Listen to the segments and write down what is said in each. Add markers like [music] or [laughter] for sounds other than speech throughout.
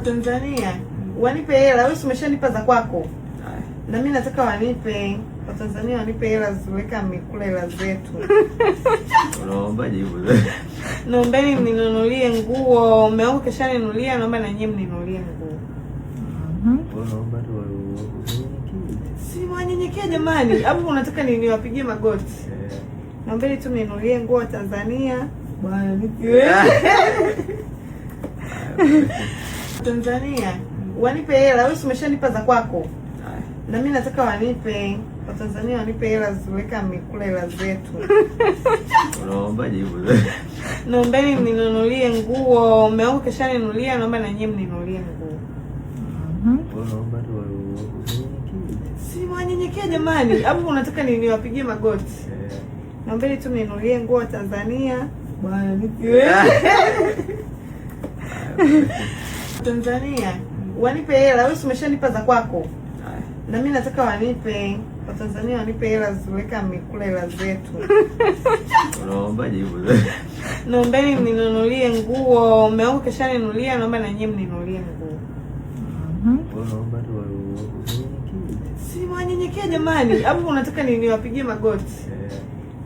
Tanzania wanipe hela, wewe umeshanipa za kwako, na mimi nataka wanipe Watanzania wanipe hela ziweka mikula hela zetu. [laughs] Unaombaje hivyo? Naombeni mninunulie nguo, mume wangu keshaninulia, naomba na nyinyi mninunulie nguo. Si mwanyenyekea jamani, hapo unataka nini niwapigie magoti? Eh. Naombeni tu mninunulie nguo Tanzania. Bwana. Eh. [laughs] Tanzania wanipe hela, wewe umeshanipa za kwako, na mimi nataka wanipe Watanzania wanipe hela ziweka mikula hela zetu. [laughs] Unaombaje hivyo? Naombeni mninunulie nguo. Mume wangu keshaninunulia, naomba na nyinyi mninunulie nguo. Si mwanyenyekea jamani, hapo unataka ni niwapigie magoti? Eh. Naombeni tu mninunulie nguo Tanzania bwana. Eh. [laughs] Tanzania wanipe hela, wewe umeshanipa za kwako, na mimi nataka wanipe Watanzania wanipe hela ziweka mikula hela zetu. [laughs] Unaombaje hivyo? Naombeni mninunulie nguo, mume wangu keshaninulia, naomba na nyinyi mninunulie nguo. Mhm. Si mwanyenyekea jamani, hapo unataka ni niwapigie magoti? Eh.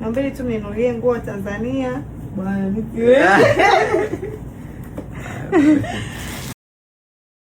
Naombeni tu mninunulie nguo watanzania [laughs]